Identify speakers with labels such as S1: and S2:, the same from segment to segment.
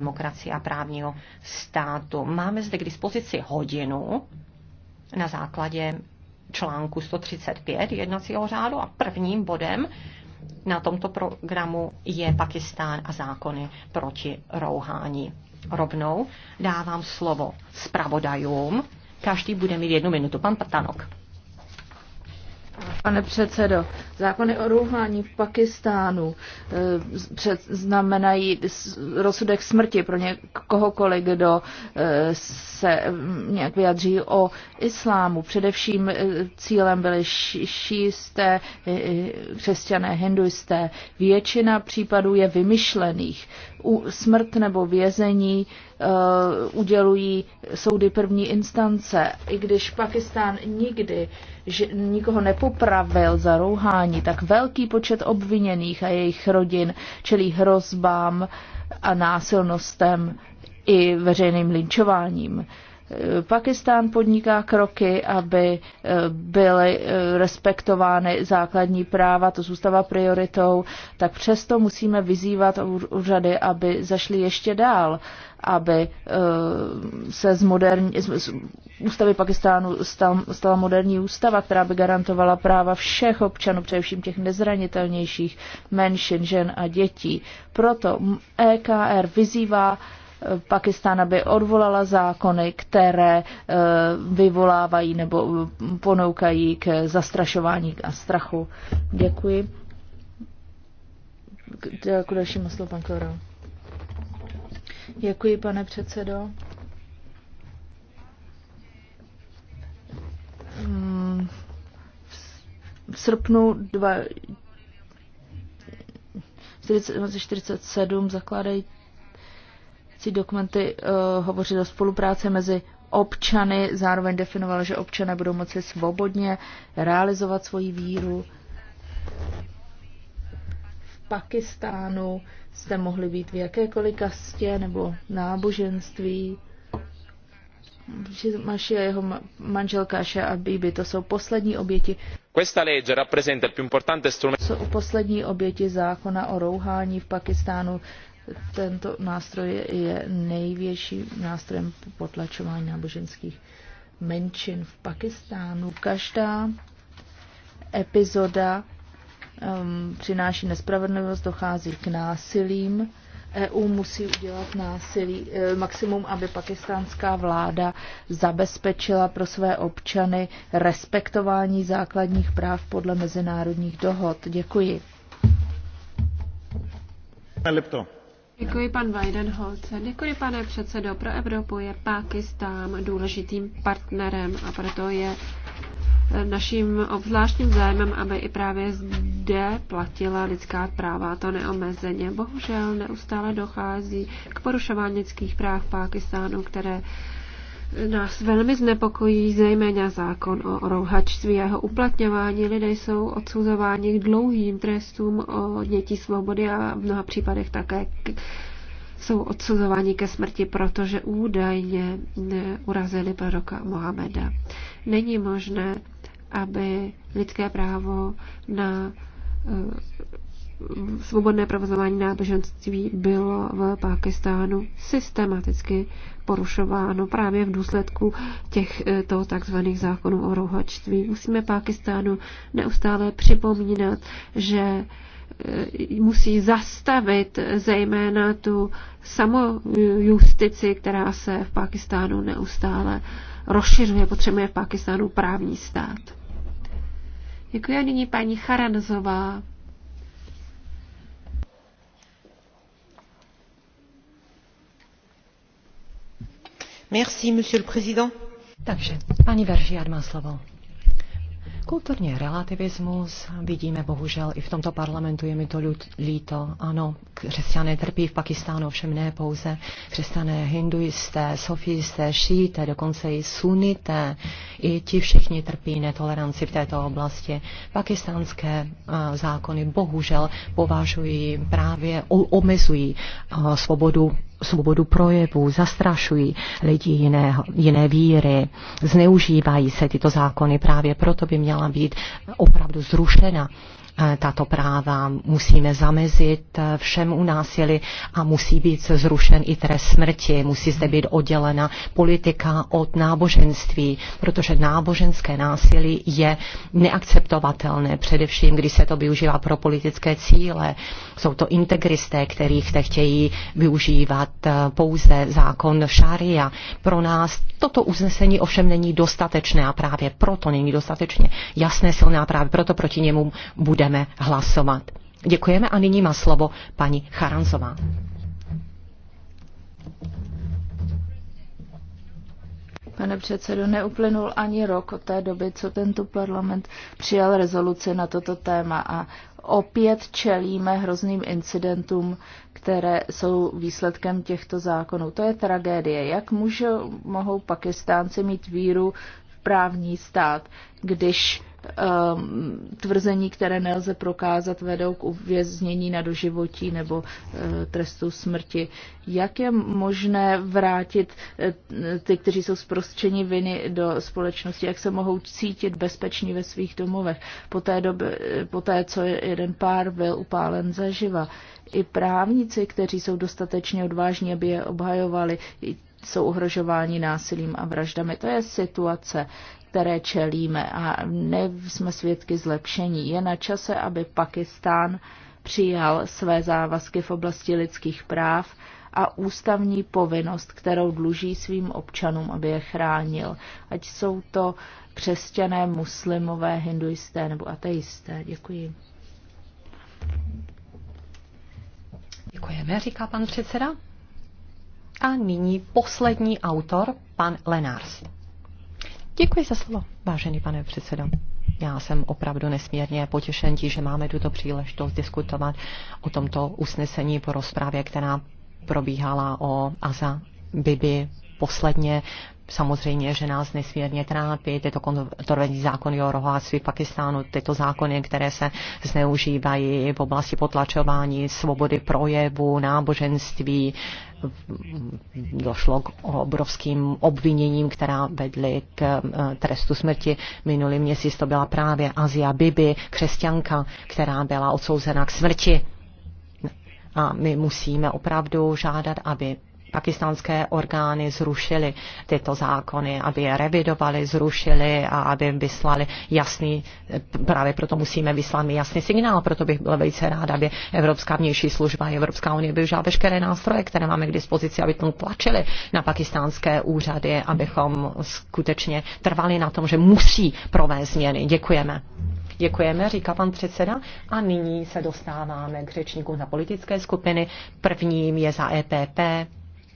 S1: demokracie a právního státu. Máme zde k dispozici hodinu na základě článku 135 jednacího řádu a prvním bodem na tomto programu je Pakistán a zákony proti rouhání. Rovnou dávám slovo zpravodajům. Každý bude mít jednu minutu. Pan Patanok.
S2: Pane předsedo, zákony o rouhání v Pakistánu e, znamenají rozsudek smrti pro kohokoliv, kdo eh, se mm, nějak vyjadří o islámu. Především eh, cílem byly šísté, křesťané, hinduisté. Většina případů je vymyšlených smrt nebo vězení eh, udělují soudy první instance. I když Pakistán nikdy že nikoho nepopravil za rouhání, tak velký počet obviněných a jejich rodin čelí hrozbám a násilnostem i veřejným linčováním. Pakistán podniká kroky, aby eh, byly eh, respektovány základní práva, to zůstává prioritou, tak přesto musíme vyzývat úřady, aby zašly ještě dál, aby eh, se z, moderní, z ústavy Pakistánu stala moderní ústava, která by garantovala práva všech občanů, především těch nezranitelnějších menšin, žen a dětí. Proto EKR vyzývá Pakistán, aby odvolala zákony, které eh, vyvolávají nebo eh, ponoukají k zastrašování a strachu. Děkuji. K dalšímu slovu, pan Koro? Děkuji, pane předsedo. Hmm. V srpnu 2047 zakládají si dokumenty uh, eh, hovořily o spolupráci mezi občany, zároveň definoval, že občané budou moci svobodně realizovat svoji víru. V Pakistánu jste mohli být v jakékoliv kastě nebo náboženství. a jeho manželka Aša a Bibi, to jsou poslední oběti.
S1: Questa legge rappresenta il più importante strumento. Jsou
S2: poslední oběti zákona o rouhání v Pakistánu tento nástroj je největším nástrojem potlačování náboženských menšin v Pakistánu. Každá epizoda um, přináší nespravedlnost, dochází k násilím. EU musí udělat násilí, eh, maximum, aby pakistánská vláda zabezpečila pro své občany respektování základních práv podle mezinárodních dohod. Děkuji.
S3: Lepto. Děkuji,
S4: pan Weidenholzer. Děkuji, pane předsedo. Pro Evropu je Pákistán důležitým partnerem a proto je naším obzvláštním zájmem, aby i právě zde platila lidská práva, to neomezeně. Bohužel neustále dochází k porušování lidských práv Pákistánu, které Nás velmi znepokojí zejména zákon o rouhačství jeho uplatňování. Lidé jsou odsuzováni k dlouhým trestům o děti svobody a v mnoha případech také k, jsou odsuzováni ke smrti, protože údajně urazili proroka Mohameda. Není možné, aby lidské právo na eh, svobodné provozování náboženství bylo v Pákistánu systematicky porušováno právě v důsledku těchto eh, takzvaných zákonů o rouhačství. Musíme Pákistánu neustále připomínat, že eh, musí zastavit zejména tu samojustici, která se v Pákistánu neustále rozšiřuje. Potřebuje v Pákistánu právní stát. Děkuji a nyní paní Charanzová.
S1: monsieur le président. Takže, paní má slovo. Kulturní relativismus vidíme bohužel i v tomto parlamentu, je mi to lud, líto. Ano, křesťané trpí v Pakistánu, ovšem ne pouze křesťané, hinduisté, sofisté, šíité, dokonce i sunité. I ti všichni trpí netoleranci v této oblasti. Pakistánské eh, zákony bohužel považují právě, omezují eh, svobodu svobodu projevu, zastrašují lidi jiné, jiné víry, zneužívají se tyto zákony. Právě proto by měla být opravdu zrušena Eh, tato práva. Musíme zamezit eh, všemu násilí a musí být zrušen i trest smrti. Musí zde být oddělena politika od náboženství, protože náboženské násilí je neakceptovatelné, především když se to využívá pro politické cíle. Jsou to integristé, kteří chtějí využívat eh, pouze zákon šaria. Pro nás toto uznesení ovšem není dostatečné a právě proto není dostatečně jasné, silné a právě proto proti němu bude budeme hlasovat. Děkujeme a nyní má slovo paní Charanzová.
S2: Pane předsedo, neuplynul ani rok od té doby, co tento parlament přijal rezoluci na toto téma a opět čelíme hrozným incidentům, které jsou výsledkem těchto zákonů. To je tragédie. Jak může, mohou pakistánci mít víru v právní stát, když Um, tvrzení, které nelze prokázat, vedou k uvěznění na doživotí nebo uh, trestu smrti. Jak je možné vrátit uh, ty, kteří jsou zprostřeni viny do společnosti? Jak se mohou cítit bezpeční ve svých domovech po té, době, uh, po té co jeden pár byl upálen zaživa? I právníci, kteří jsou dostatečně odvážní, aby je obhajovali, jsou ohrožováni násilím a vraždami. To je situace, které čelíme a ne jsme svědky zlepšení. Je na čase, aby Pakistán přijal své závazky v oblasti lidských práv a ústavní povinnost, kterou dluží svým občanům, aby je chránil. Ať jsou to křesťané, muslimové, hinduisté nebo ateisté. Děkuji. Děkujeme, říká pan předseda.
S1: A nyní poslední autor, pan Lenars. Děkuji za slovo, vážený pane předsedo. Já jsem opravdu nesmírně potěšen tím, že máme tuto příležitost diskutovat o tomto usnesení po rozprávě, která probíhala o Aza Bibi posledně Samozřejmě, že nás nesmírně trápí tyto kontroverzní zákony o rohlásví Pakistánu, tyto zákony, které se zneužívají v oblasti potlačování svobody projevu, náboženství. Došlo k obrovským obviněním, která vedly k eh, trestu smrti. Minulý měsíc to byla právě Azia Bibi, křesťanka, která byla odsouzena k smrti. A my musíme opravdu žádat, aby pakistánské orgány zrušily tyto zákony, aby je revidovali, zrušili a aby vyslali jasný, právě proto musíme vyslat jasný signál, proto bych byla velice ráda, aby Evropská vnější služba, Evropská unie využila veškeré nástroje, které máme k dispozici, aby tomu tlačili na pakistánské úřady, abychom skutečně trvali na tom, že musí provést změny. Děkujeme. Děkujeme, říká pan předseda. A nyní se dostáváme k řečníkům za politické skupiny. Prvním je za EPP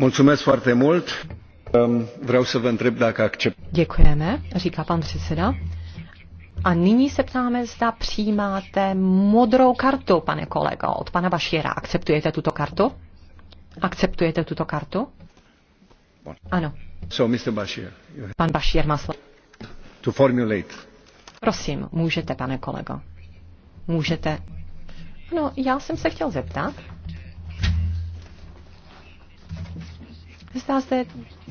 S3: Ehm,
S1: Děkujeme, říká pan předseda. A nyní se ptáme, zda přijímáte modrou kartu, pane kolego, od pana Bašiera. Akceptujete tuto kartu? Akceptujete tuto kartu?
S3: Ano. So, Mr. Bashir, Pan
S1: Bašier má slovo.
S3: To formulate.
S1: Prosím, můžete, pane kolego. Můžete. No, já jsem se chtěl zeptat, Zda se,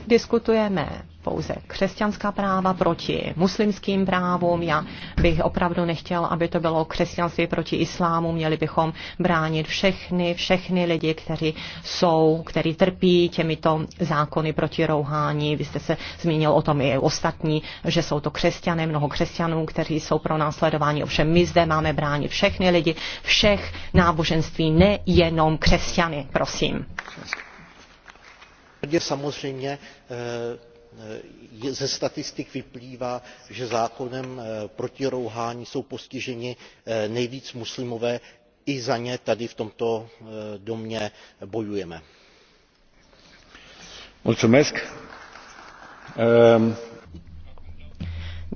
S1: diskutujeme pouze křesťanská práva proti muslimským právům. Já bych opravdu nechtěl, aby to bylo křesťanství proti islámu. Měli bychom bránit všechny, všechny lidi, kteří jsou, kteří trpí těmito zákony proti rouhání. Vy jste se zmínil o tom i ostatní, že jsou to křesťané, mnoho křesťanů, kteří jsou pro následování. Ovšem my zde máme bránit všechny lidi, všech náboženství, nejenom křesťany, prosím.
S3: Přesně případě samozřejmě eh, eh, ze statistik vyplývá že zákonem eh, proti rouhání jsou postiženi nejvíc muslimové i za ně tady v tomto domě bojujeme.
S1: Ehm.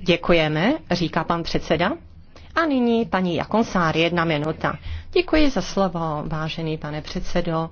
S1: Děkujeme, říká pan předseda. A nyní paní Jakonsár, jedna minuta. Děkuji za slovo, vážený pane předsedo.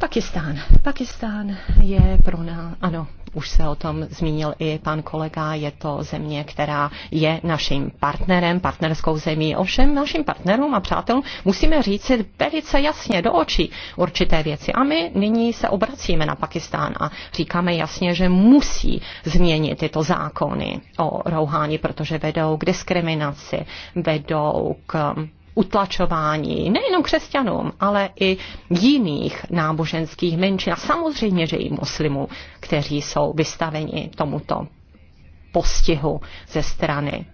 S1: Pakistán. Pakistán je pro nás, ano, už se o tom zmínil i pan kolega, je to země, která je naším partnerem, partnerskou zemí. Ovšem našim partnerům a přátelům musíme říct velice jasně do očí určité věci. A my nyní se obracíme na Pakistán a říkáme jasně, že musí změnit tyto zákony o rouhání, protože vedou k diskriminaci, vedou k utlačování nejenom křesťanům, ale i jiných náboženských menšin a samozřejmě, že i muslimů, kteří jsou vystaveni tomuto postihu ze strany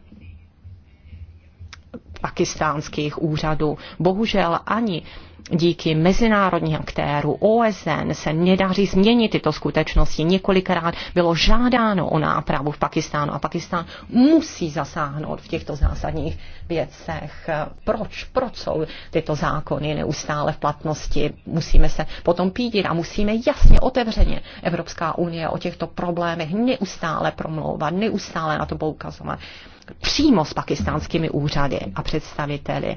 S1: pakistánských úřadů. Bohužel ani díky mezinárodním aktéru OSN se nedaří změnit tyto skutečnosti. Několikrát bylo žádáno o nápravu v Pakistánu a Pakistán musí zasáhnout v těchto zásadních věcech. Proč? Proč jsou tyto zákony neustále v platnosti? Musíme se potom pídit a musíme jasně otevřeně Evropská unie o těchto problémech neustále promlouvat, neustále na to poukazovat přímo s pakistánskými úřady a představiteli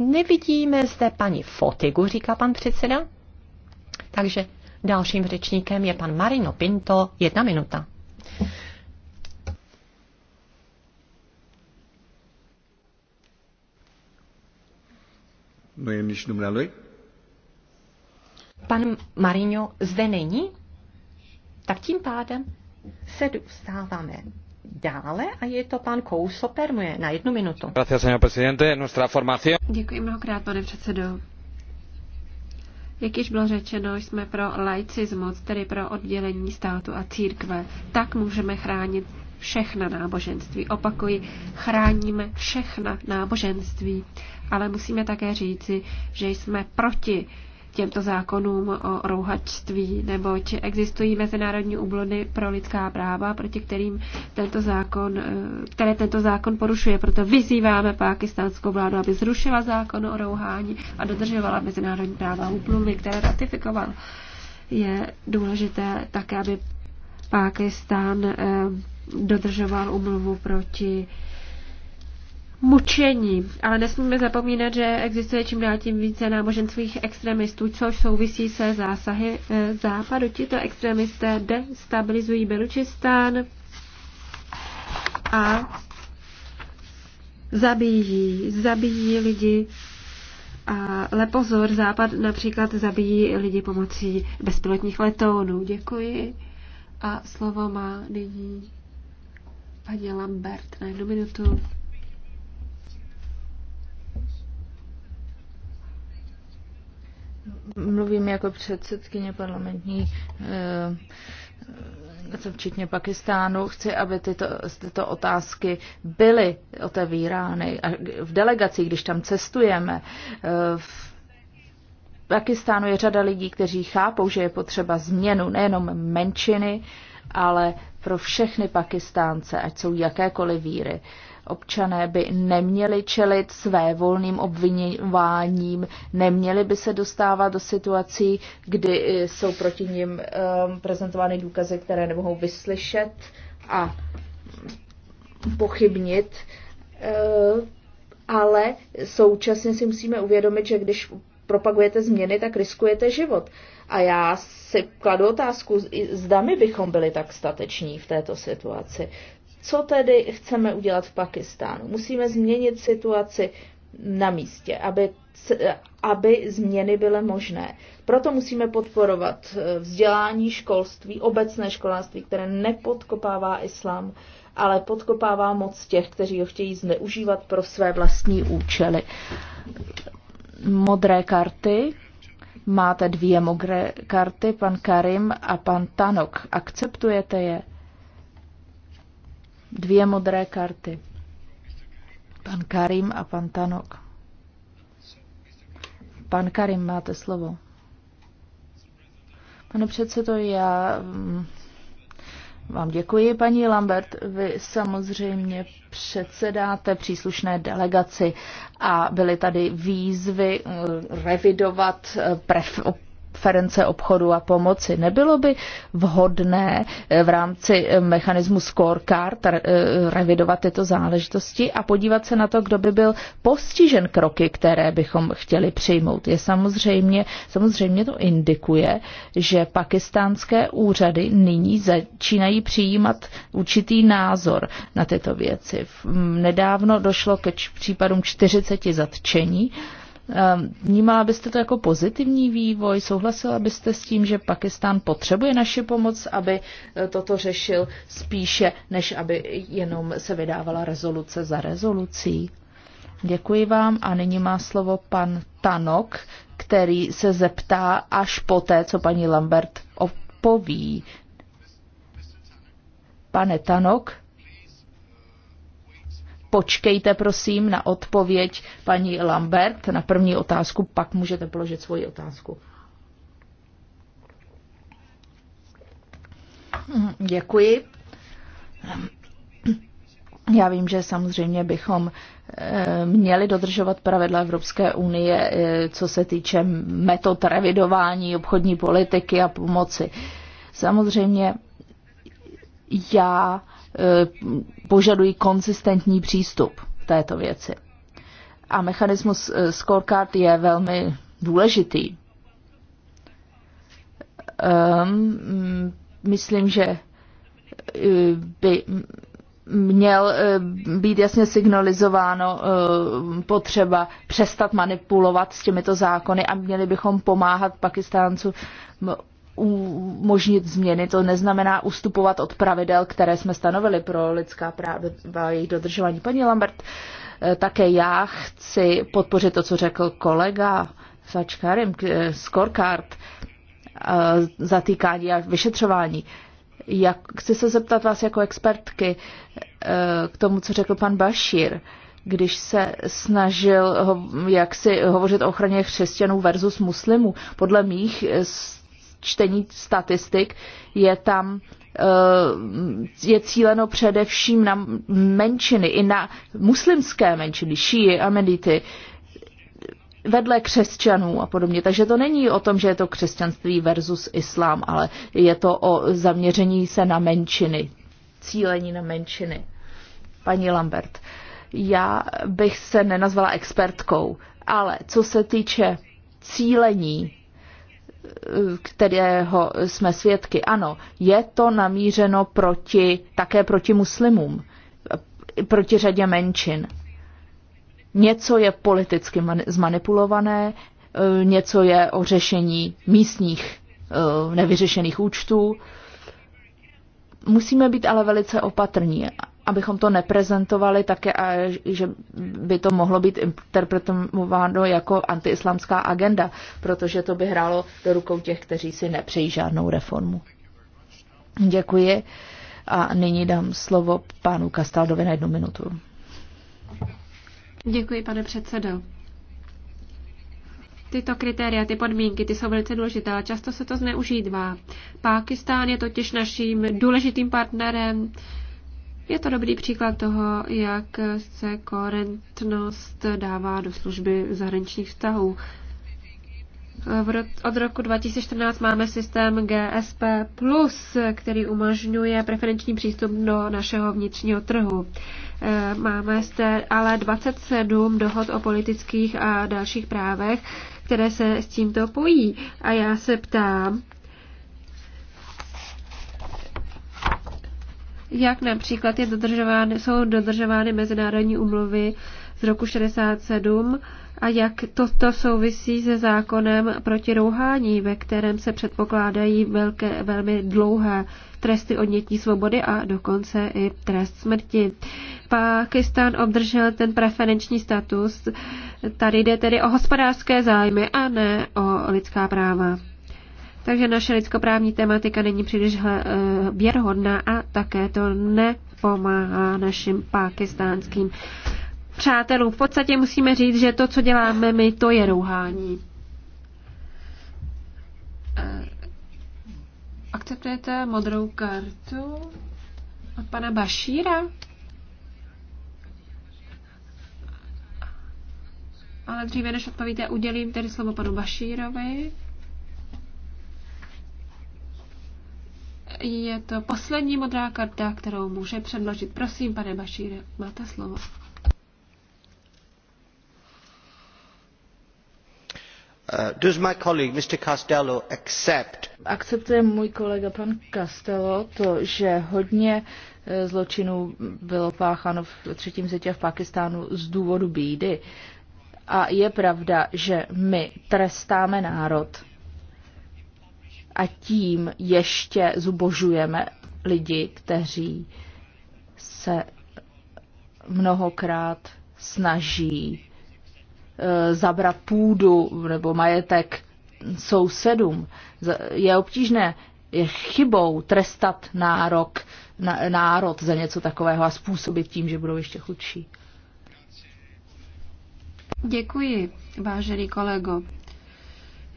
S1: Nevidíme zde paní Fotigu, říká pan předseda. Takže dalším řečníkem je pan Marino Pinto. Jedna minuta.
S4: No, je nič dumnealui?
S1: Pan Marino zde není? Tak tím pádem se dostáváme dále a je to pan Kouso Permuje na jednu minutu. Děkuji mnohokrát, pane
S4: předsedo. Jak již bylo řečeno, jsme pro laicismus, tedy pro oddělení státu a církve. Tak můžeme chránit všechna náboženství. Opakuji, chráníme všechna náboženství, ale musíme také říci, že jsme proti těmto zákonům o rouhačství, či existují mezinárodní úmluvy pro lidská práva, proti kterým tento zákon, eh, které tento zákon porušuje. Proto vyzýváme pákistánskou vládu, aby zrušila zákon o rouhání a dodržovala mezinárodní práva úmluvy, které ratifikoval. Je důležité také, aby Pákistán eh, dodržoval umluvu proti mučení. Ale nesmíme zapomínat, že existuje čím dál tím více náboženských extremistů, což souvisí se zásahy eh, západu. Tito extremisté destabilizují Beručistán a zabíjí, zabíjí lidi. A lepozor, pozor, Západ například zabíjí lidi pomocí bezpilotních letounů. Děkuji. A slovo má nyní paní Lambert
S2: na jednu minutu. Mluvím jako předsedkyně parlamentní eh, eh, včetně Pakistánu. Chci, aby tyto, tyto otázky byly otevírány v delegaci, když tam cestujeme. Eh, v Pakistánu je řada lidí, kteří chápou, že je potřeba změnu nejenom menšiny, ale pro všechny Pakistánce, ať jsou jakékoliv víry. Uh, Občané by neměli čelit své volným obvinováním, neměli by se dostávat do situací, kdy eh, jsou proti ním ehm, prezentovány důkazy, které nemohou vyslyšet a pochybnit. Eh, ale současně si musíme uvědomit, že když propagujete změny, tak riskujete život. A já si kladu otázku, zda my bychom byli tak stateční v této situaci. Co tedy chceme udělat v Pakistánu? Musíme změnit situaci na místě, aby, aby změny byly možné. Proto musíme podporovat eh, vzdělání, školství, obecné školství, které nepodkopává islám, ale podkopává moc těch, kteří ho chtějí zneužívat pro své vlastní účely. Modré karty. Máte dvě modré karty, pan Karim a pan Tanok. Akceptujete je? dvě modré karty. Pan Karim a pan Tanok. Pan Karim, máte slovo. Pane předsedo, já mm, vám děkuji, paní Lambert. Vy samozřejmě předsedáte příslušné delegaci a byly tady výzvy mm, revidovat eh, pref- preference obchodu a pomoci. Nebylo by vhodné eh, v rámci eh, mechanismu scorecard eh, revidovat tyto záležitosti a podívat se na to, kdo by byl postižen kroky, které bychom chtěli přijmout. Je samozřejmě, samozřejmě to indikuje, že pakistánské úřady nyní začínají přijímat určitý názor na tyto věci. Nedávno došlo ke případům 40 zatčení Ehm, vnímala byste to jako pozitivní vývoj? Souhlasila byste s tím, že Pakistán potřebuje naši pomoc, aby e, toto řešil spíše, než aby jenom se vydávala rezoluce za rezolucí? Děkuji vám a nyní má slovo pan Tanok, který se zeptá až po té, co paní Lambert opoví. Pane Tanok, počkejte prosím na odpověď paní Lambert na první otázku, pak můžete položit svoji otázku. Děkuji. Já vím, že samozřejmě bychom eh, měli dodržovat pravidla Evropské unie, eh, co se týče metod revidování obchodní politiky a pomoci. Samozřejmě já požadují konsistentní přístup v této věci. A mechanismus eh, scorecard je velmi důležitý. Ehm, mm, myslím, že eh, by měl eh, být jasně signalizováno potřeba přestat manipulovat s těmito zákony a měli bychom pomáhat Pakistáncům umožnit změny, to neznamená ustupovat od pravidel, které jsme stanovili pro lidská práva a jejich dodržování. Paní Lambert, eh, také já chci podpořit to, co řekl kolega Sačkarim, eh, scorecard, eh, zatýkání a vyšetřování. Jak, chci se zeptat vás jako expertky k tomu, co řekl pan Bashir když se snažil ho, jak si hovořit o ochraně křesťanů versus muslimů. Podle mých čtení statistik je tam eh, je cíleno především na menšiny, i na muslimské menšiny, šíji, medity, vedle křesťanů a podobně. Takže to není o tom, že je to křesťanství versus islám, ale je to o zaměření se na menšiny, cílení na menšiny. Paní Lambert, já bych se nenazvala expertkou, ale co se týče cílení kterého jsme svědky. Ano, je to namířeno proti, také proti muslimům, proti řadě menšin. Něco je politicky zmanipulované, eh, něco je o řešení místních eh, nevyřešených účtů. Musíme být ale velice opatrní abychom to neprezentovali také, že by to mohlo být interpretováno jako antiislámská agenda, protože to by hrálo do rukou těch, kteří si nepřejí žádnou reformu. Děkuji a nyní dám slovo panu Kastaldovi na jednu minutu.
S4: Děkuji, pane předsedo. Tyto kritéria, ty podmínky, ty jsou velice důležité, ale často se to zneužívá. Pákistán je totiž naším důležitým partnerem, je to dobrý příklad toho, jak se koherentnost dává do služby zahraničních vztahů. Od roku 2014 máme systém GSP+, který umožňuje preferenční přístup do našeho vnitřního trhu. E, máme zde ale 27 dohod o politických a dalších právech, které se s tímto pojí. A já se ptám, jak například je dodržovány, jsou dodržovány mezinárodní umluvy z roku 67 a jak toto souvisí se zákonem proti rouhání, ve kterém se předpokládají velké, velmi dlouhé tresty odnětí svobody a dokonce i trest smrti. Pakistan obdržel ten preferenční status. Tady jde tedy o hospodářské zájmy a ne o lidská práva. Takže naše lidskoprávní tematika není příliš eh, věrhodná a také to nepomáhá našim pakistánským přátelům. V podstatě musíme říct, že to, co děláme my, to je rouhání. Eh, akceptujete modrou kartu od pana Bašíra? Ale dříve, než odpovíte, udělím tedy slovo panu Bašírovi. je to poslední modrá karta, kterou může předložit. Prosím, pane Bašíre, máte
S2: slovo.
S3: Uh, does my colleague Mr. Castello, accept?
S2: Akceptuje můj kolega pan Castello to, že hodně eh, zločinů bylo pácháno v třetím světě a v Pakistánu z důvodu bídy. A je pravda, že my trestáme národ a tím ještě zubožujeme lidi, kteří se mnohokrát snaží e, zabrat půdu nebo majetek sousedům. Je obtížné, je chybou trestat nárok, na, národ za něco takového a způsobit tím, že budou ještě chudší.
S4: Děkuji, vážený kolego.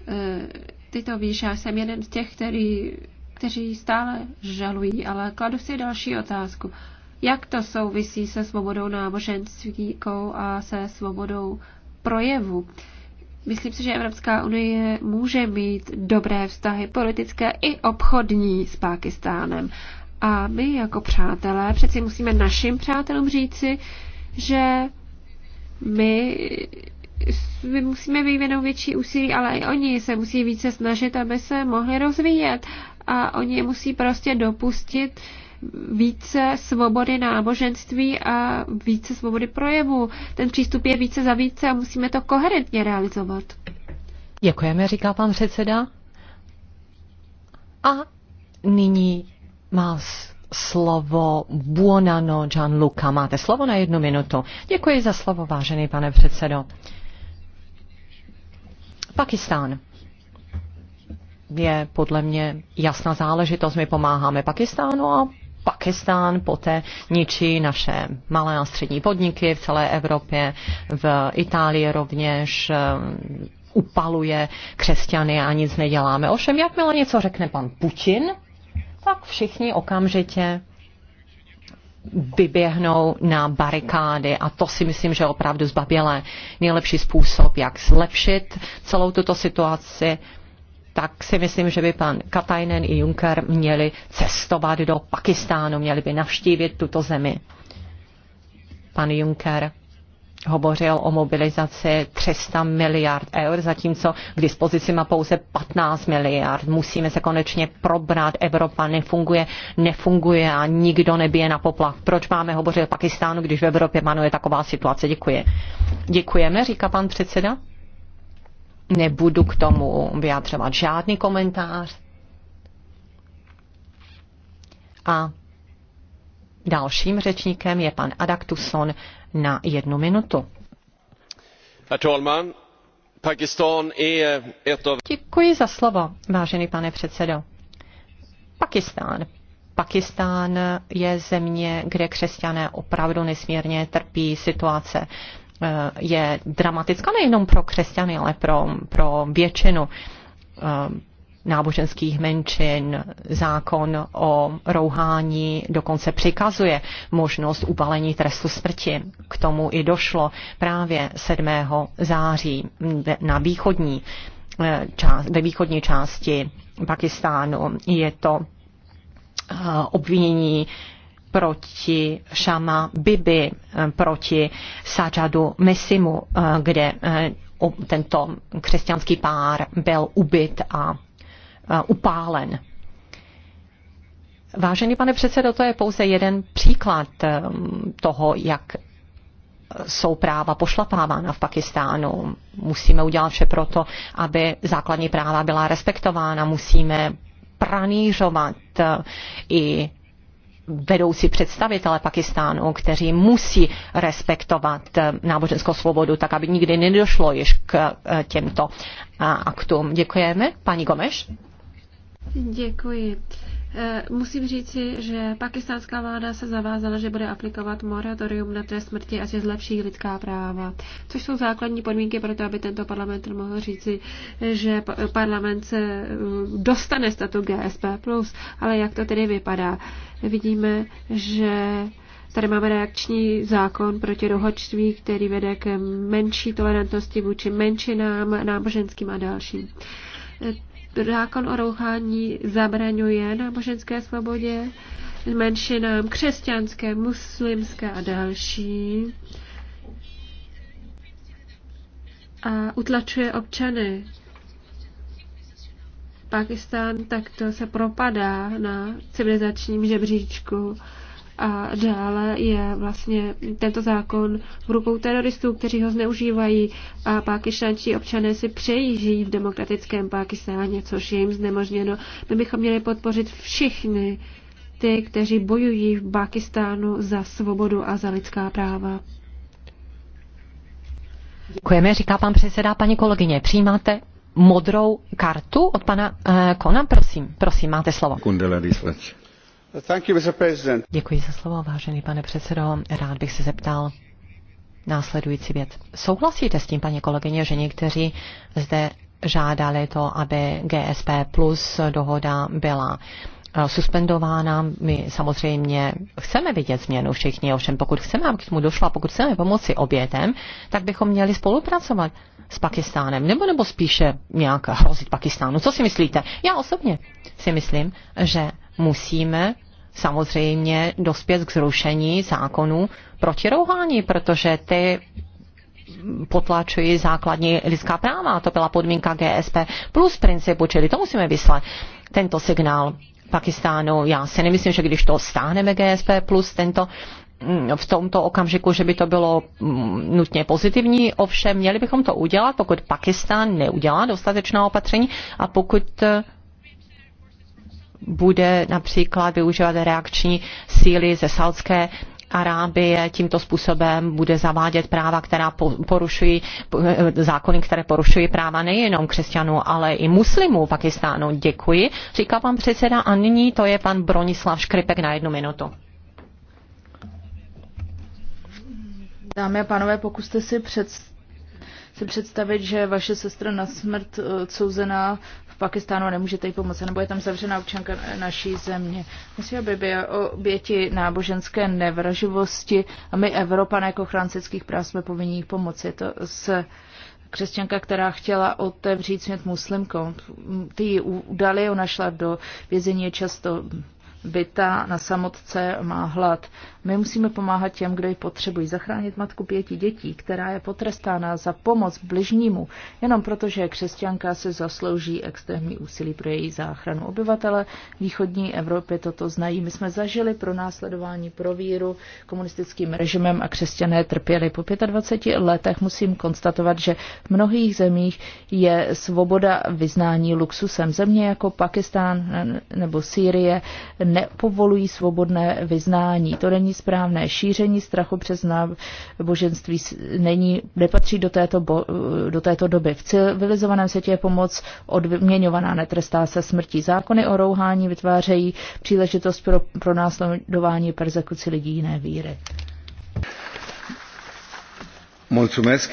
S4: E ty to víš, já jsem jeden z těch, který, kteří stále žalují, ale kladu si další otázku. Jak to souvisí se svobodou náboženství a se svobodou projevu? Myslím si, že Evropská unie může mít dobré vztahy politické i obchodní s Pákistánem. A my jako přátelé přeci musíme našim přátelům říci, že my my musíme vyvinout větší úsilí, ale i oni se musí více snažit, aby se mohli rozvíjet. A oni musí prostě dopustit více svobody náboženství a více svobody projevu. Ten přístup je více za více a musíme to koherentně realizovat.
S1: Děkujeme, říká pan předseda. A nyní má slovo Buonano Gianluca. Máte slovo na jednu minutu. Děkuji za slovo, vážený pane předsedo. Pakistán je podle mě jasná záležitost. My pomáháme Pakistánu a Pakistán poté ničí naše malé a střední podniky v celé Evropě, v Itálii rovněž eh, upaluje křesťany a nic neděláme. Ovšem, jakmile něco řekne pan Putin, tak všichni okamžitě vyběhnou na barikády a to si myslím, že je opravdu zbabělé. Nejlepší způsob, jak zlepšit celou tuto situaci, tak si myslím, že by pan Katajnen i Juncker měli cestovat do Pakistánu, měli by navštívit tuto zemi. Pan Juncker hovořil o mobilizaci 300 miliard eur, zatímco k dispozici má pouze 15 miliard. Musíme se konečně probrat. Evropa nefunguje, nefunguje a nikdo nebije na poplach. Proč máme hovořit o Pakistánu, když v Evropě panuje taková situace? Děkuji. Děkujeme, říká pan předseda. Nebudu k tomu vyjadřovat žádný komentář. A dalším řečníkem je pan Adaktuson na jednu minutu. Eh, Děkuji za slovo, vážený pane předsedo. Pakistán. Pakistán je země, kde křesťané opravdu nesmírně trpí situace eh, je dramatická nejenom pro křesťany, ale pro, pro většinu eh, náboženských menšin, zákon o rouhání dokonce přikazuje možnost upalení trestu smrti. K tomu i došlo právě 7. září na východní eh, část, ve východní části Pakistánu. Je to eh, obvinění proti Šama Bibi, eh, proti Sajadu Mesimu, kde tento křesťanský pár byl ubyt a Eh, upálen. Vážený pane předsedo, to je pouze jeden příklad eh, toho, jak jsou práva pošlapávána v Pakistánu. Musíme udělat vše proto, aby základní práva byla respektována. Musíme pranířovat eh, i vedoucí představitele Pakistánu, kteří musí respektovat náboženskou svobodu, tak aby nikdy nedošlo již k těmto aktům. Děkujeme. Paní Gomeš?
S4: Děkuji. Eh, musím říci, že pakistánská vláda se zavázala, že bude aplikovat moratorium na trest smrti a že zlepší lidská práva, což jsou základní podmínky pro to, aby tento parlament mohl říci, že parlament se eh, dostane statu GSP+, ale jak to tedy vypadá? Vidíme, že Tady máme reakční zákon proti rohočství, který vede k menší tolerantnosti vůči menšinám, náboženským a dalším. Eh, zákon o rouhání zabraňuje náboženské svobodě menšinám křesťanské, muslimské a další a utlačuje občany. Pakistán takto se propadá na civilizačním žebříčku a dále je vlastně tento zákon v rukou teroristů, kteří ho zneužívají a pakistanští občané si přejí žít v demokratickém Pákistáně, což je jim znemožněno. My bychom měli podpořit všichni ty, kteří bojují v Pakistánu za svobodu a za lidská práva.
S1: Děkujeme, říká pan předseda. Paní kolegyně, přijímáte modrou kartu od pana eh, Kona? Prosím, prosím, máte slovo. Kundela, Děkuji za slovo, vážený pane předsedo. Rád bych se zeptal následující věc. Souhlasíte s tím, paní kolegyně, že někteří zde žádali to, aby GSP plus dohoda byla eh, suspendována. My samozřejmě chceme vidět změnu všichni, ovšem pokud chceme, aby k tomu došlo, pokud chceme pomoci obětem, tak bychom měli spolupracovat s Pakistánem, nebo nebo spíše nějak hrozit Pakistánu. Co si myslíte? Já osobně si myslím, že musíme samozřejmě dospět k zrušení zákonů proti rouhání, protože ty potlačují základní lidská práva. To byla podmínka GSP plus principu, čili to musíme vyslat tento signál Pakistánu. Já si nemyslím, že když to stáhneme GSP plus tento mm, v tomto okamžiku, že by to bylo mm, nutně pozitivní, ovšem měli bychom to udělat, pokud Pakistán neudělá dostatečná opatření a pokud eh, bude například využívat reakční síly ze Saudské Arábie tímto způsobem bude zavádět práva, která porušují, eh, zákony, které porušují práva nejenom křesťanů, ale i muslimů Pakistánu. Děkuji, říká pan předseda. A nyní to je pan Bronislav Škripek na jednu minutu.
S2: Dámy a pánové, pokuste si představit, si představit, že vaše sestra na smrt eh, odsouzená Pakistánu a nemůžete jí pomoci, nebo je tam zavřená občanka naší země. Myslím, aby byla oběti náboženské nevraživosti a my Evropané jako ochránci práv jsme povinni jí pomoci. To s křesťanka, která chtěla otevřít svět muslimkou. Ty ji udali, ona šla do vězení, je často byta na samotce, má hlad. My musíme pomáhat těm, kdo ji potřebují. Zachránit matku pěti dětí, která je potrestána za pomoc bližnímu, jenom protože je křesťanka se zaslouží extrémní úsilí pro její záchranu. Obyvatele východní Evropy toto znají. My jsme zažili pro následování pro víru komunistickým režimem a křesťané trpěli. Po 25 letech musím konstatovat, že v mnohých zemích je svoboda vyznání luxusem. Země jako Pakistán nebo Sýrie nepovolují svobodné vyznání. To není správné. Šíření strachu přes náboženství není, nepatří do této, bo, do této doby. V civilizovaném světě je pomoc odměňovaná, netrestá se smrtí. Zákony o rouhání vytvářejí příležitost pro, pro následování persekuci lidí jiné víry.
S4: Mulțumesc.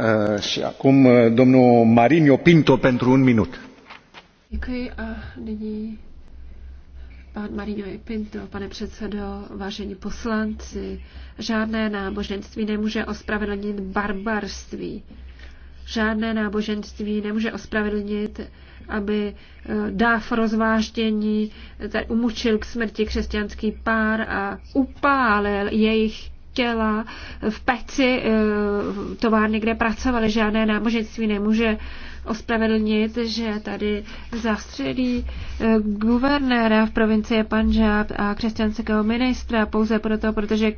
S4: E, și acum e, domnul Marinho Pinto pentru un minut. Okay, a Pan Marino i Pinto, pane předsedo, vážení poslanci, žádné náboženství nemůže ospravedlnit barbarství. Žádné náboženství nemůže ospravedlnit, aby eh, dáv rozváždění eh, umučil k smrti křesťanský pár a upálil jejich těla v peci eh, továrny, kde pracovali. Žádné náboženství nemůže ospravedlnit, že tady zastřelí eh, guvernéra v provincii Punjab a křesťanského ministra pouze proto, protože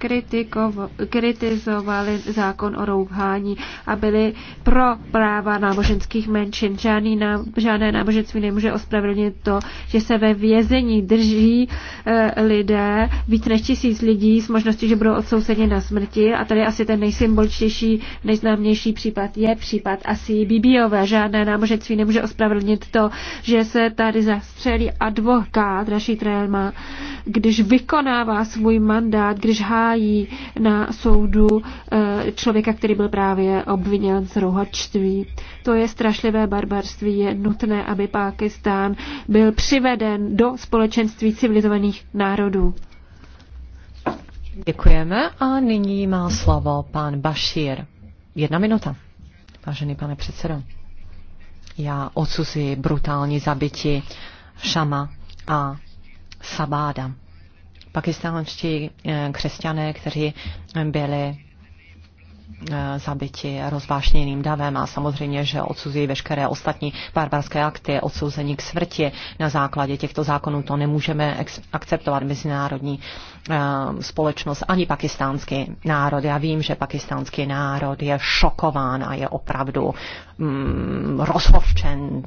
S4: kritizovali zákon o rouhání a byli pro práva náboženských menšin. Žádný ná, žádné náboženství nemůže ospravedlnit to, že se ve vězení drží e, lidé, víc než tisíc lidí s možností, že budou odsouzeni na smrti a tady asi ten nejsymboličtější, nejznámější případ je případ asi Bibiové. Žádný žádné námořnictví nemůže ospravedlnit to, že se tady zastřelí advokát Rashid Relma, když vykonává svůj mandát, když hájí na soudu eh, člověka, který byl právě obviněn z rouhačství. To je strašlivé barbarství. Je nutné, aby Pákistán byl přiveden do společenství civilizovaných národů.
S1: Děkujeme a nyní má slovo pan Bashir. Jedna minuta. Vážený pane předsedo. Já odsuzuji brutální zabití Šama a Sabáda. Pakistánští eh, křesťané, kteří byli Eh, zabiti rozvášněným davem a samozřejmě, že odsuzují veškeré ostatní barbarské akty, odsouzení k smrti na základě těchto zákonů. To nemůžeme akceptovat mezinárodní eh, společnost ani pakistánský národ. Já vím, že pakistánský národ je šokován a je opravdu mm, rozhovčen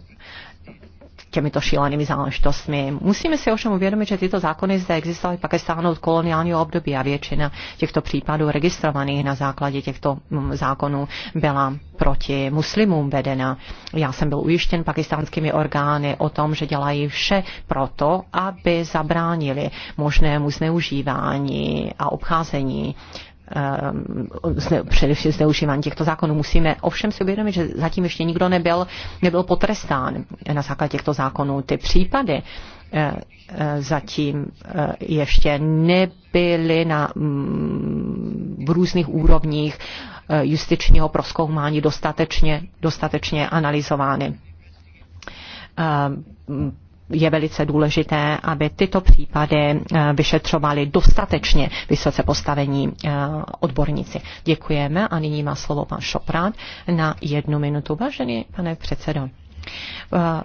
S1: těmito šílenými záležitostmi. Musíme si ovšem uvědomit, že tyto zákony zde existovaly v Pakistánu od koloniálního období a většina těchto případů registrovaných na základě těchto mm, zákonů byla proti muslimům vedena. Já jsem byl ujištěn pakistánskými orgány o tom, že dělají vše proto, aby zabránili možnému zneužívání a obcházení Ehm, především zneužívání těchto zákonů. Musíme ovšem si uvědomit, že zatím ještě nikdo nebyl, nebyl potrestán na základě těchto zákonů. Ty případy eh, eh, zatím eh, ještě nebyly na mm, v různých úrovních justičního proskoumání dostatečně, dostatečně analyzovány ehm, je velice důležité, aby tyto případy eh, vyšetřovali dostatečně vysoce postavení eh, odborníci. Děkujeme a nyní má slovo pan Šoprát na jednu minutu. Vážený pane předsedo, eh,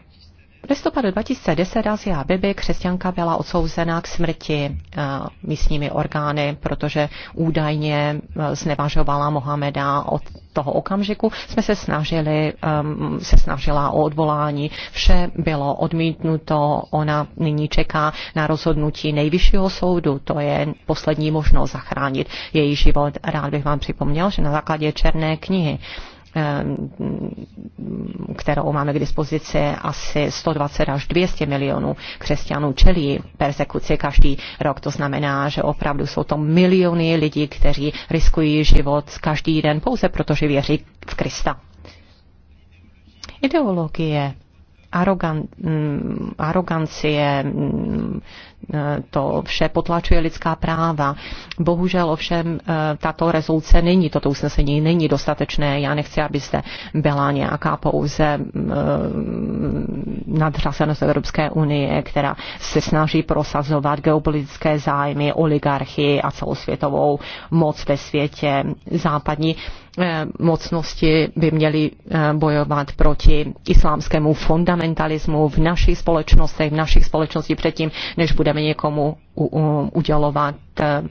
S1: listopadu 2010 Asia Bibi, křesťanka, byla odsouzena k smrti eh, místními orgány, protože údajně eh, znevažovala Mohameda od toho okamžiku. Jsme se snažili, ehm, se snažila o odvolání, vše bylo odmítnuto, ona nyní čeká na rozhodnutí nejvyššího soudu, to je poslední možnost zachránit její život. Rád bych vám připomněl, že na základě černé knihy Eh, kterou máme k dispozici asi 120 až 200 milionů křesťanů čelí persekuci každý rok. To znamená, že opravdu jsou to miliony lidí, kteří riskují život každý den pouze proto, že věří v Krista. Ideologie arogan, mm, arogancie, mm, e, to vše potlačuje lidská práva. Bohužel ovšem e, tato rezoluce není, toto usnesení není dostatečné. Já nechci, abyste byla nějaká pouze mm, e, nadřazenost Evropské unie, která se snaží prosazovat geopolitické zájmy, oligarchii a celosvětovou moc ve světě. Západní Eh, mocnosti by měly eh, bojovat proti islámskému fundamentalismu v našich společnostech, v našich společnostech předtím, než budeme někomu udělovat eh,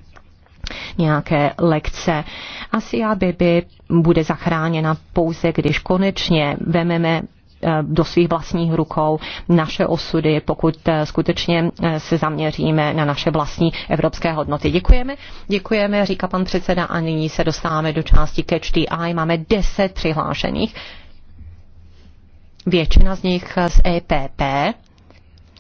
S1: nějaké lekce. Asi aby by bude zachráněna pouze, když konečně vememe Eh, do svých vlastních rukou naše osudy, pokud eh, skutečně eh, se zaměříme na naše vlastní evropské hodnoty. Děkujeme, děkujeme, říká pan předseda a nyní se dostáváme do části Catch the Eye. Máme deset přihlášených, většina z nich z EPP.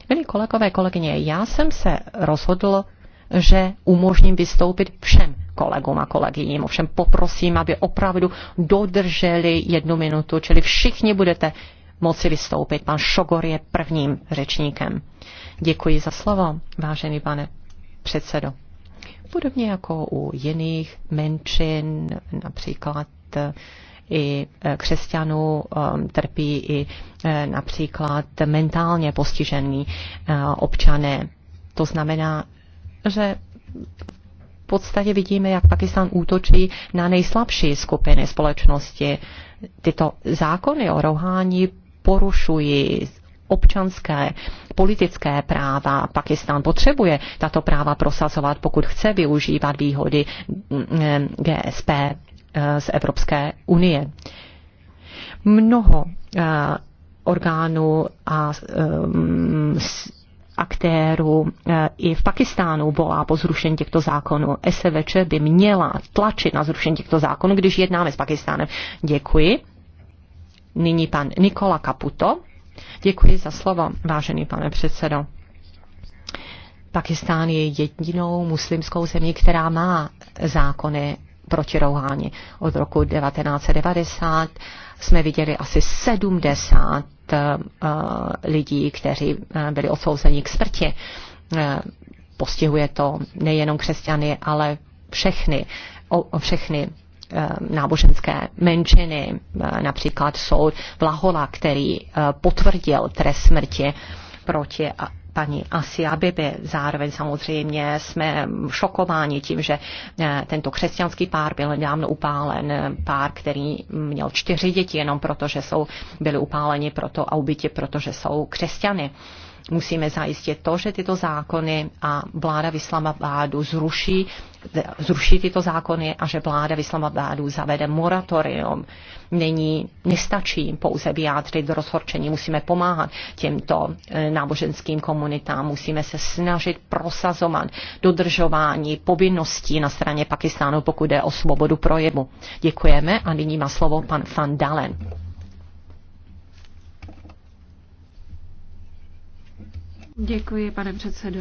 S1: Milí kolegové, kolegyně, já jsem se rozhodl, že umožním vystoupit všem kolegům a kolegyním. Ovšem poprosím, aby opravdu dodrželi jednu minutu, čili všichni budete moci vystoupit. Pan Šogor je prvním řečníkem. Děkuji za slovo, vážený pane předsedo. Podobně jako u jiných menšin, například eh, i eh, křesťanů eh, trpí i například mentálně postižený občané. To znamená, že v podstatě vidíme, jak Pakistan útočí na nejslabší skupiny společnosti. Tyto zákony o rouhání porušují občanské, politické práva. Pakistán potřebuje tato práva prosazovat, pokud chce využívat výhody mm, mm, GSP eh, z Evropské unie. Mnoho eh, orgánů a eh, aktérů i v Pakistánu volá po zrušení těchto zákonů. SVČ by měla tlačit na zrušení těchto zákonů, když jednáme s Pakistánem. Děkuji nyní pan Nikola Kaputo. Děkuji za slovo, vážený pane předsedo. Pakistán je jedinou muslimskou zemí, která má zákony proti rouhání. Od roku 1990 jsme viděli asi 70 eh, lidí, kteří eh, byli odsouzeni k smrti. Eh, postihuje to nejenom křesťany, ale všechny, všechny Eh, náboženské menšiny, eh, například soud Vlahola, který eh, potvrdil trest smrti proti paní Asi Abibi. Zároveň samozřejmě jsme šokováni tím, že tento křesťanský pár byl nedávno upálen. Pár, který měl čtyři děti jenom proto, že jsou, byli upáleni proto a ubiti, protože jsou křesťany musíme zajistit to, že tyto zákony a vláda vládu zruší, zruší tyto zákony a že vláda vládu zavede moratorium. Není, nestačí pouze vyjádřit rozhorčení, musíme pomáhat těmto eh, náboženským komunitám, musíme se snažit prosazovat dodržování povinností na straně Pakistánu, pokud jde o svobodu projevu. Děkujeme a nyní má slovo pan Van Dalen.
S4: Děkuji, pane předsedo.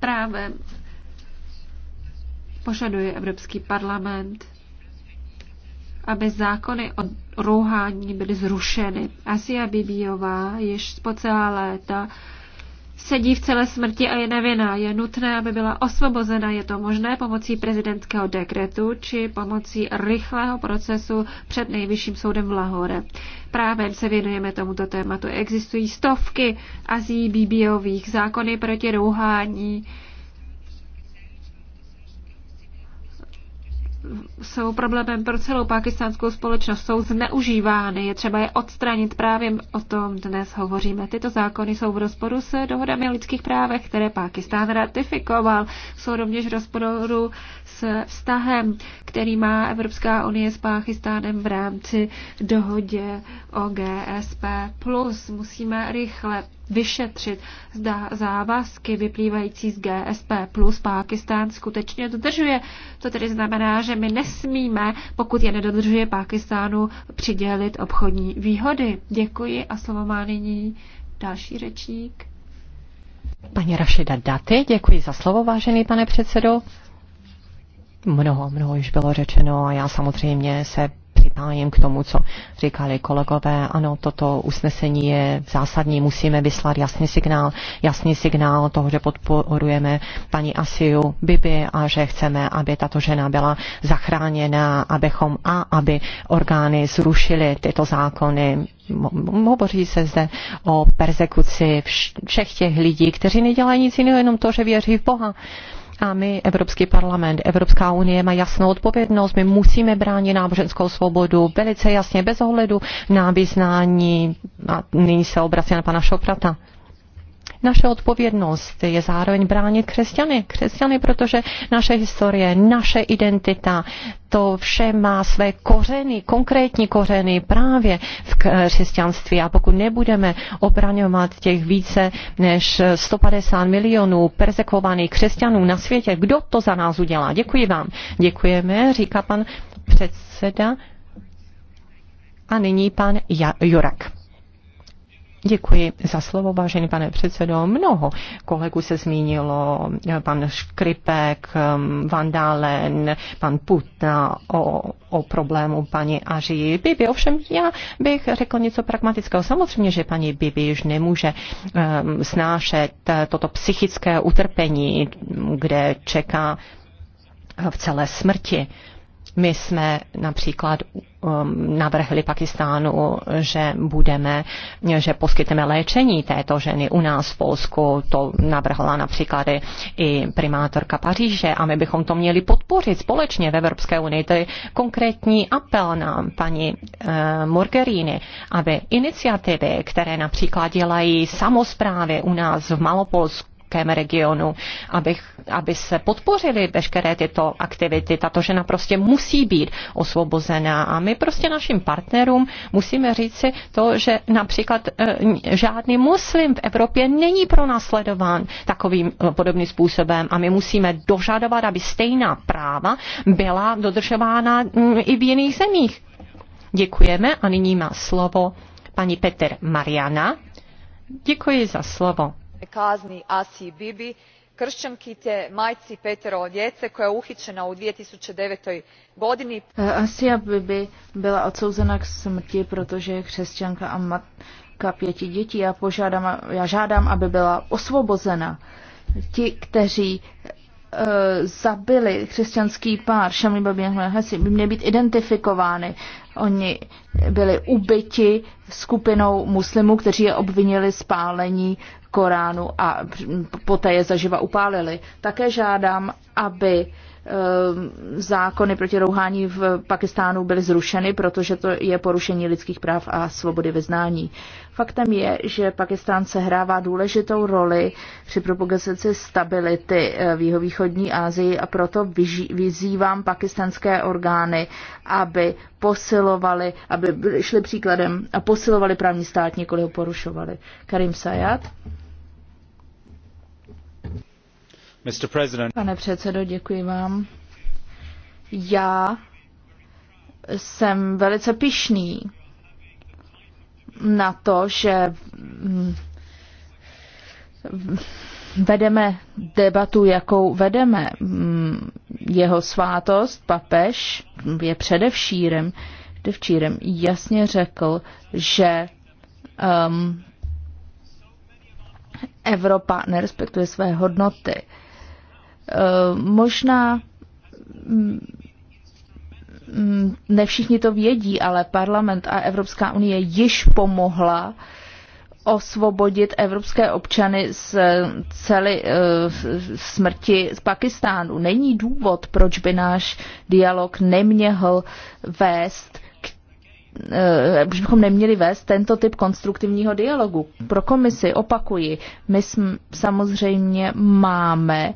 S4: Právě požaduje Evropský parlament, aby zákony o rouhání byly zrušeny. Asia Bibiová již po celá léta sedí v celé smrti a je nevinná. Je nutné, aby byla osvobozena. Je to možné pomocí prezidentského dekretu či pomocí rychlého procesu před nejvyšším soudem v Lahore. Právě se věnujeme tomuto tématu. Existují stovky azí bíbiových zákony proti rouhání, jsou problémem pro celou pakistánskou společnost, jsou zneužívány, je třeba je odstranit, právě o tom dnes hovoříme. Tyto zákony jsou v rozporu se dohodami o lidských právech, které Pakistán ratifikoval, jsou rovněž v rozporu vztahem, který má Evropská unie s Pákistánem v rámci dohodě o GSP+. plus Musíme rychle vyšetřit, zda závazky vyplývající z GSP plus Pákistán skutečně dodržuje. To tedy znamená, že my nesmíme, pokud je nedodržuje Pákistánu, přidělit obchodní výhody. Děkuji a slovo má nyní další
S1: řečník. Paní Rašida Daty, děkuji za slovo, vážený pane předsedo. Mnoho, mnoho již bylo řečeno a já samozřejmě se přitájem k tomu, co říkali kolegové. Ano, toto usnesení je zásadní, musíme vyslat jasný signál, jasný signál toho, že podporujeme paní Asiu Bibi a že chceme, aby tato žena byla zachráněna, abychom a aby orgány zrušily tyto zákony. Hovoří se zde o persekuci všech těch lidí, kteří nedělají nic jiného, jenom to, že věří v Boha a my, Evropský parlament, Evropská unie má jasnou odpovědnost. My musíme bránit náboženskou svobodu velice jasně, bez ohledu na vyznání. A nyní se obracím na pana Šoprata naše odpovědnost je zároveň bránit křesťany. Křesťany, protože naše historie, naše identita, to vše má své kořeny, konkrétní kořeny právě v křesťanství. A pokud nebudeme obraňovat těch více než 150 milionů persekovaných křesťanů na světě, kdo to za nás udělá? Děkuji vám. Děkujeme, říká pan předseda. A nyní pan Jurak. Děkuji za slovo, vážený pane předsedo. Mnoho kolegů se zmínilo, eh, pan Škripek, eh, Vandalen, pan Putna o, o problému paní Aří Bibi. Ovšem já bych řekl něco pragmatického. Samozřejmě, že paní Bibi už nemůže um, snášet toto psychické utrpení, kde čeká v celé smrti. My jsme například um, navrhli Pakistánu, že budeme, že poskytneme léčení této ženy u nás v Polsku. To navrhla například i primátorka Paříže a my bychom to měli podpořit společně v Evropské unii. To je konkrétní apel na paní eh, Morgerini, aby iniciativy, které například dělají samozprávy u nás v Malopolsku, nějakém regionu, abych, aby se podpořili veškeré tyto aktivity. Tato žena prostě musí být osvobozená a my prostě našim partnerům musíme říci to, že například e, žádný muslim v Evropě není pronásledován takovým e, podobným způsobem a my musíme dožadovat, aby stejná práva byla dodržována i v jiných zemích. Děkujeme a nyní má slovo paní Petr Mariana. Děkuji za slovo kazni asiji bibi kranki te majci petero djece
S2: koja je uhiena u. two thousand and nine godini. E, asia bibi byla odsouzena k smrti protože je křesťanka a matka pěti dětí. Já, požádám, já žádám, aby byla osvobozena. Ti, kteří uh, zabili křesťanský pár Šamli Babi Hasi, by měly být identifikovány. Oni byli ubiti skupinou muslimů, kteří je obvinili z pálení Koránu a poté je zaživa upálili. Také žádám, aby eh, zákony proti rouhání v Pakistánu byly zrušeny, protože to je porušení lidských práv a svobody vyznání. Faktem je, že Pakistán hrává důležitou roli při propagaci stability eh, v jihovýchodní Asii a proto vyzývám pakistanské orgány, aby posilovali, aby šli příkladem a posilovali právní stát, nikoli ho porušovali. Karim Sayad. Pane předsedo, děkuji vám. Já jsem velice pišný na to, že mm, vedeme debatu, jakou vedeme. Mm, jeho svátost, papež, je předevšírem, předevšírem jasně řekl, že um, Evropa nerespektuje své hodnoty. Eh, možná mm, mm, ne všichni to vědí, ale parlament a Evropská unie již pomohla osvobodit evropské občany z celé eh, smrti z Pakistánu. Není důvod, proč by náš dialog neměl vést k už eh, bychom neměli vést tento typ konstruktivního dialogu. Pro komisi, opakuji, my jsme, samozřejmě máme uh,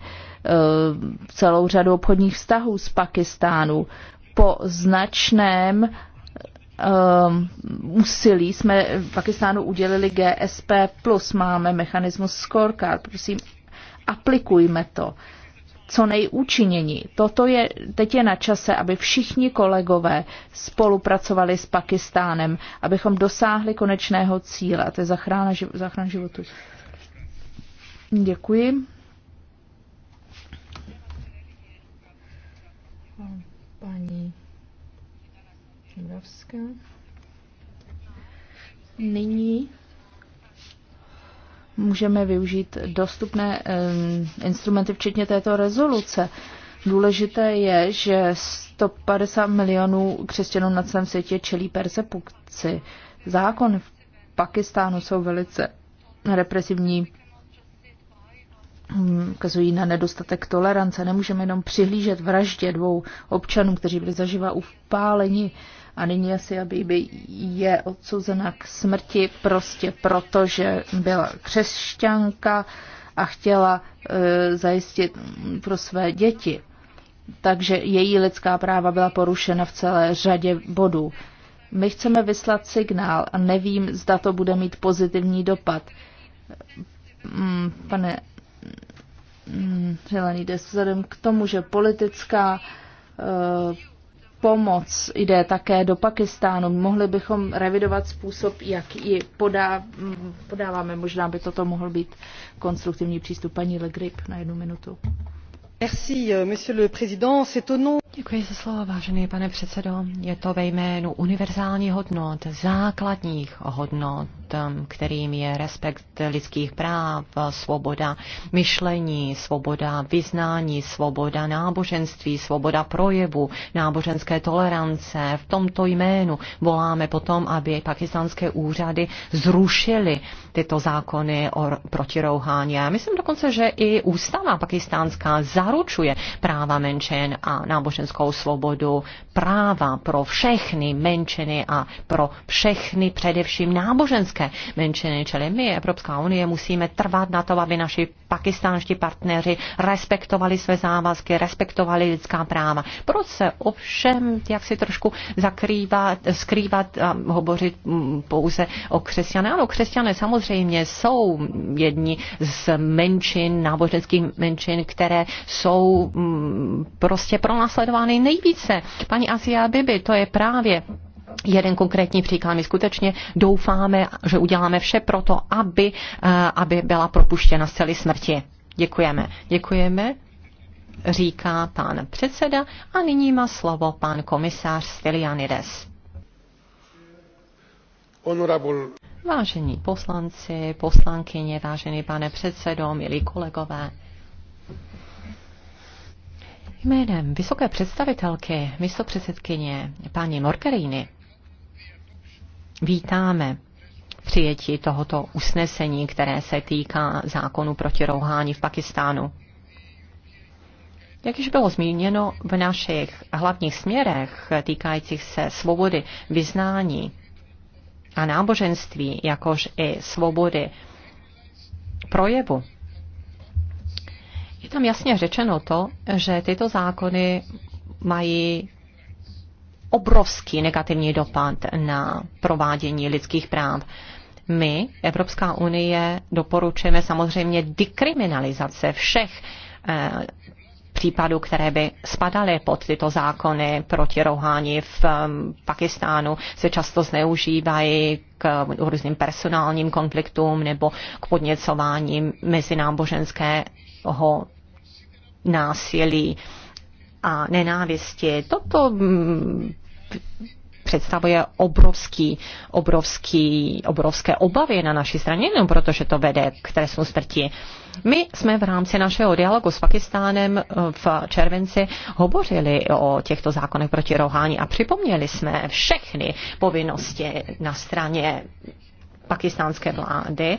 S2: Eh, celou řadu obchodních vztahů z Pakistánu. Po značném eh, úsilí jsme Pakistánu udělili GSP+, máme mechanismus scorecard, prosím, aplikujme to co nejúčinnění. Toto je, teď je na čase, aby všichni kolegové spolupracovali s Pakistánem, abychom dosáhli konečného cíle, a to je zachrán životů životu. Děkuji. paní Mravská. Nyní můžeme využít dostupné um, instrumenty, včetně této rezoluce. Důležité je, že 150 milionů křesťanů na celém světě čelí persekuci. Zákon v Pakistánu jsou velice represivní Hmm, ukazují na nedostatek tolerance. Nemůžeme jenom přihlížet vraždě dvou občanů, kteří byli zaživa upáleni a nyní asi, aby by je odsouzena k smrti prostě proto, že byla křesťanka a chtěla e, zajistit pro své děti. Takže její lidská práva byla porušena v celé řadě bodů. My chceme vyslat signál a nevím, zda to bude mít pozitivní dopad. Hmm, pane Hmm, Helenides vzhledem k tomu, že politická eh, pomoc jde také do Pakistánu. Mohli bychom revidovat způsob, jak ji podá, hm, podáváme. Možná by toto mohl být konstruktivní přístup paní Legrip na jednu minutu. Merci, euh, monsieur
S1: le président. C'est au nom... Děkuji za slovo, vážený pane předsedo. Je to ve jménu univerzální hodnot, základních hodnot, um, kterým je respekt lidských práv, svoboda myšlení, svoboda vyznání, svoboda náboženství, svoboda projevu, náboženské tolerance. V tomto jménu voláme potom, aby pakistánské úřady zrušily tyto zákony o protirouhání. Já myslím dokonce, že i ústava pakistánská zaručuje práva menšin a náboženství náboženskou svobodu, práva pro všechny menšiny a pro všechny především náboženské menšiny. Čili my, Evropská unie, musíme trvat na to, aby naši pakistánští partneři respektovali své závazky, respektovali lidská práva. Proč se ovšem, jak si trošku zakrývat, skrývat a hovořit mm, pouze o křesťané? Ano, křesťané samozřejmě jsou jedni z menšin, náboženských menšin, které jsou mm, prostě pronásledovány zmiňovány nejvíce. Paní Asia Bibi, to je právě jeden konkrétní příklad. My skutečně doufáme, že uděláme vše pro to, aby, eh, aby byla propuštěna z celé smrti. Děkujeme. Děkujeme, říká pán předseda a nyní má slovo pán komisář Stylianides. Honorable. Vážení poslanci, poslankyně, vážený pane předsedo, milí kolegové, Jménem vysoké představitelky, místopředsedkyně paní Morkerini, vítáme přijetí tohoto usnesení, které se týká zákonu proti rouhání v Pakistánu. Jak již bylo zmíněno v našich hlavních směrech týkajících se svobody vyznání a náboženství, jakož i svobody projevu, je tam jasně řečeno to, že tyto zákony mají obrovský negativní dopad na provádění lidských práv. My, Evropská unie, doporučujeme samozřejmě dekriminalizace všech eh, případů, které by spadaly pod tyto zákony proti rouhání v eh, Pakistánu, se často zneužívají k různým personálním konfliktům nebo k podněcování mezináboženského násilí a nenávisti. Toto mm, představuje obrovský, obrovský, obrovské obavy na naší straně, jenom protože to vede k trestu smrti. My jsme v rámci našeho dialogu s Pakistánem eh, v červenci hovořili o těchto zákonech proti rohání a připomněli jsme všechny povinnosti na straně pakistánské vlády,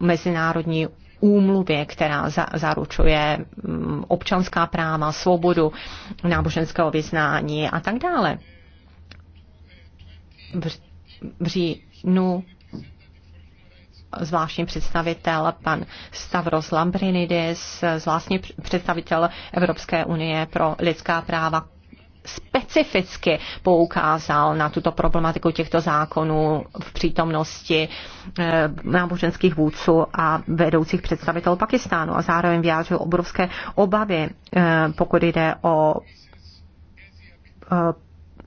S1: mezinárodní úmluvě, která za, zaručuje mm, občanská práva, svobodu náboženského vyznání a tak dále. V, v říjnu zvláštní představitel pan Stavros Lambrinidis, zvláštní představitel Evropské unie pro lidská práva specificky poukázal na tuto problematiku těchto zákonů v přítomnosti eh, náboženských vůdců a vedoucích představitelů Pakistánu a zároveň vyjádřil obrovské obavy, eh, pokud jde o eh,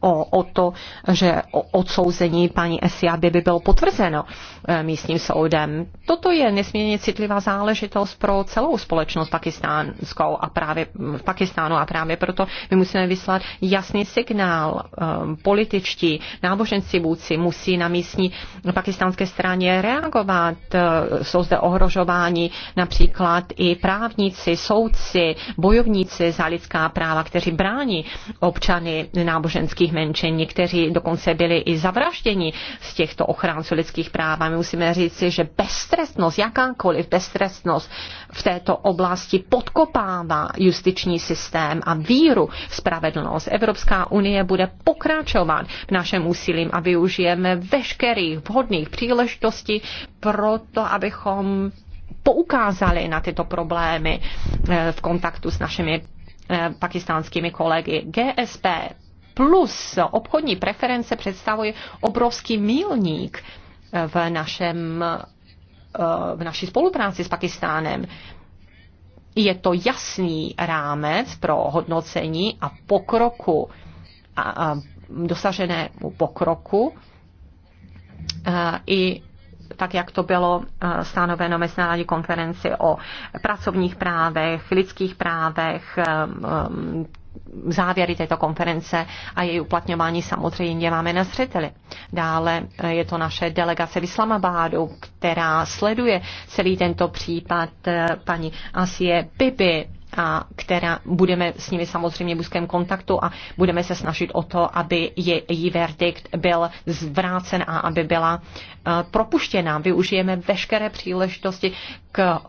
S1: o, o to, že o odsouzení paní Esiaby by bylo potvrzeno eh, místním soudem. Toto je nesmírně citlivá záležitost pro celou společnost pakistánskou a právě v Pakistánu a právě proto my musíme vyslat jasný signál. Eh, političtí, náboženci vůdci musí na místní pakistánské straně reagovat. Eh, jsou zde ohrožováni například i právníci, soudci, bojovníci za lidská práva, kteří brání občany náboženských menšin. Někteří dokonce byli i zavražděni z těchto ochránců lidských práv. A my musíme říci, že beztrestnost, jakákoliv beztrestnost v této oblasti podkopává justiční systém a víru v spravedlnost. Evropská unie bude pokračovat v našem úsilím a využijeme veškerých vhodných příležitostí pro to, abychom poukázali na tyto problémy eh, v kontaktu s našimi eh, pakistánskými kolegy. GSP plus obchodní preference představuje obrovský milník eh, v, našem, eh, v naší spolupráci s Pakistánem. Je to jasný rámec pro hodnocení a pokroku, a, a dosaženému pokroku a, eh, i tak, jak to bylo stanoveno mezinárodní konferenci o pracovních právech, lidských právech, závěry této konference a její uplatňování samozřejmě máme na zřeteli. Dále eh, je to naše delegace v Islamabádu, která sleduje celý tento případ eh, paní Asie Bibi, a která budeme s nimi samozřejmě v úzkém kontaktu a budeme se snažit o to, aby je, její verdikt byl zvrácen a aby byla uh, propuštěna. Využijeme veškeré příležitosti k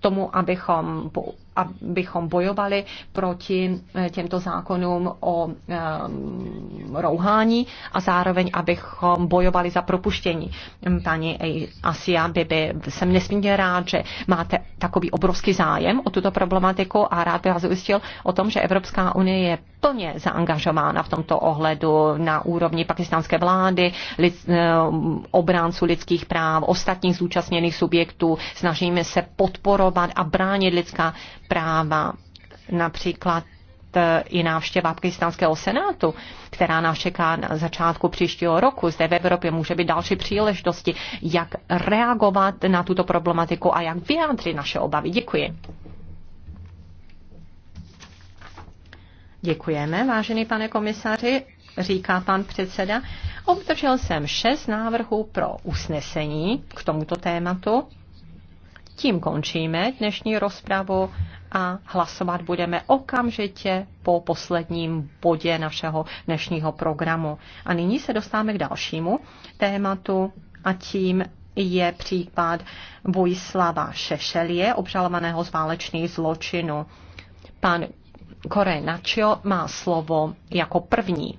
S1: tomu, abychom abychom bojovali proti eh, těmto zákonům o eh, rouhání a zároveň, abychom bojovali za propuštění. Mm, Pani Asia Bibi, jsem nesmírně rád, že máte takový obrovský zájem o tuto problematiku a rád bych vás ujistil o tom, že Evropská unie je plně zaangažována v tomto ohledu na úrovni pakistánské vlády, lid, eh, obránců lidských práv, ostatních zúčastněných subjektů. Snažíme se podporovat a bránit lidská práva. Například eh, i návštěva pakistánského senátu, která nás čeká na začátku příštího roku. Zde v Evropě může být další příležitosti, jak reagovat na tuto problematiku a jak vyjádřit naše obavy. Děkuji. Děkujeme, vážený pane komisaři, říká pan předseda. Obdržel jsem šest návrhů pro usnesení k tomuto tématu. Tím končíme dnešní rozpravu a hlasovat budeme okamžitě po posledním bodě našeho dnešního programu. A nyní se dostáváme k dalšímu tématu a tím je případ Vojslava Šešelie, obžalovaného z válečných zločinů. Pan Korenačio má slovo jako první.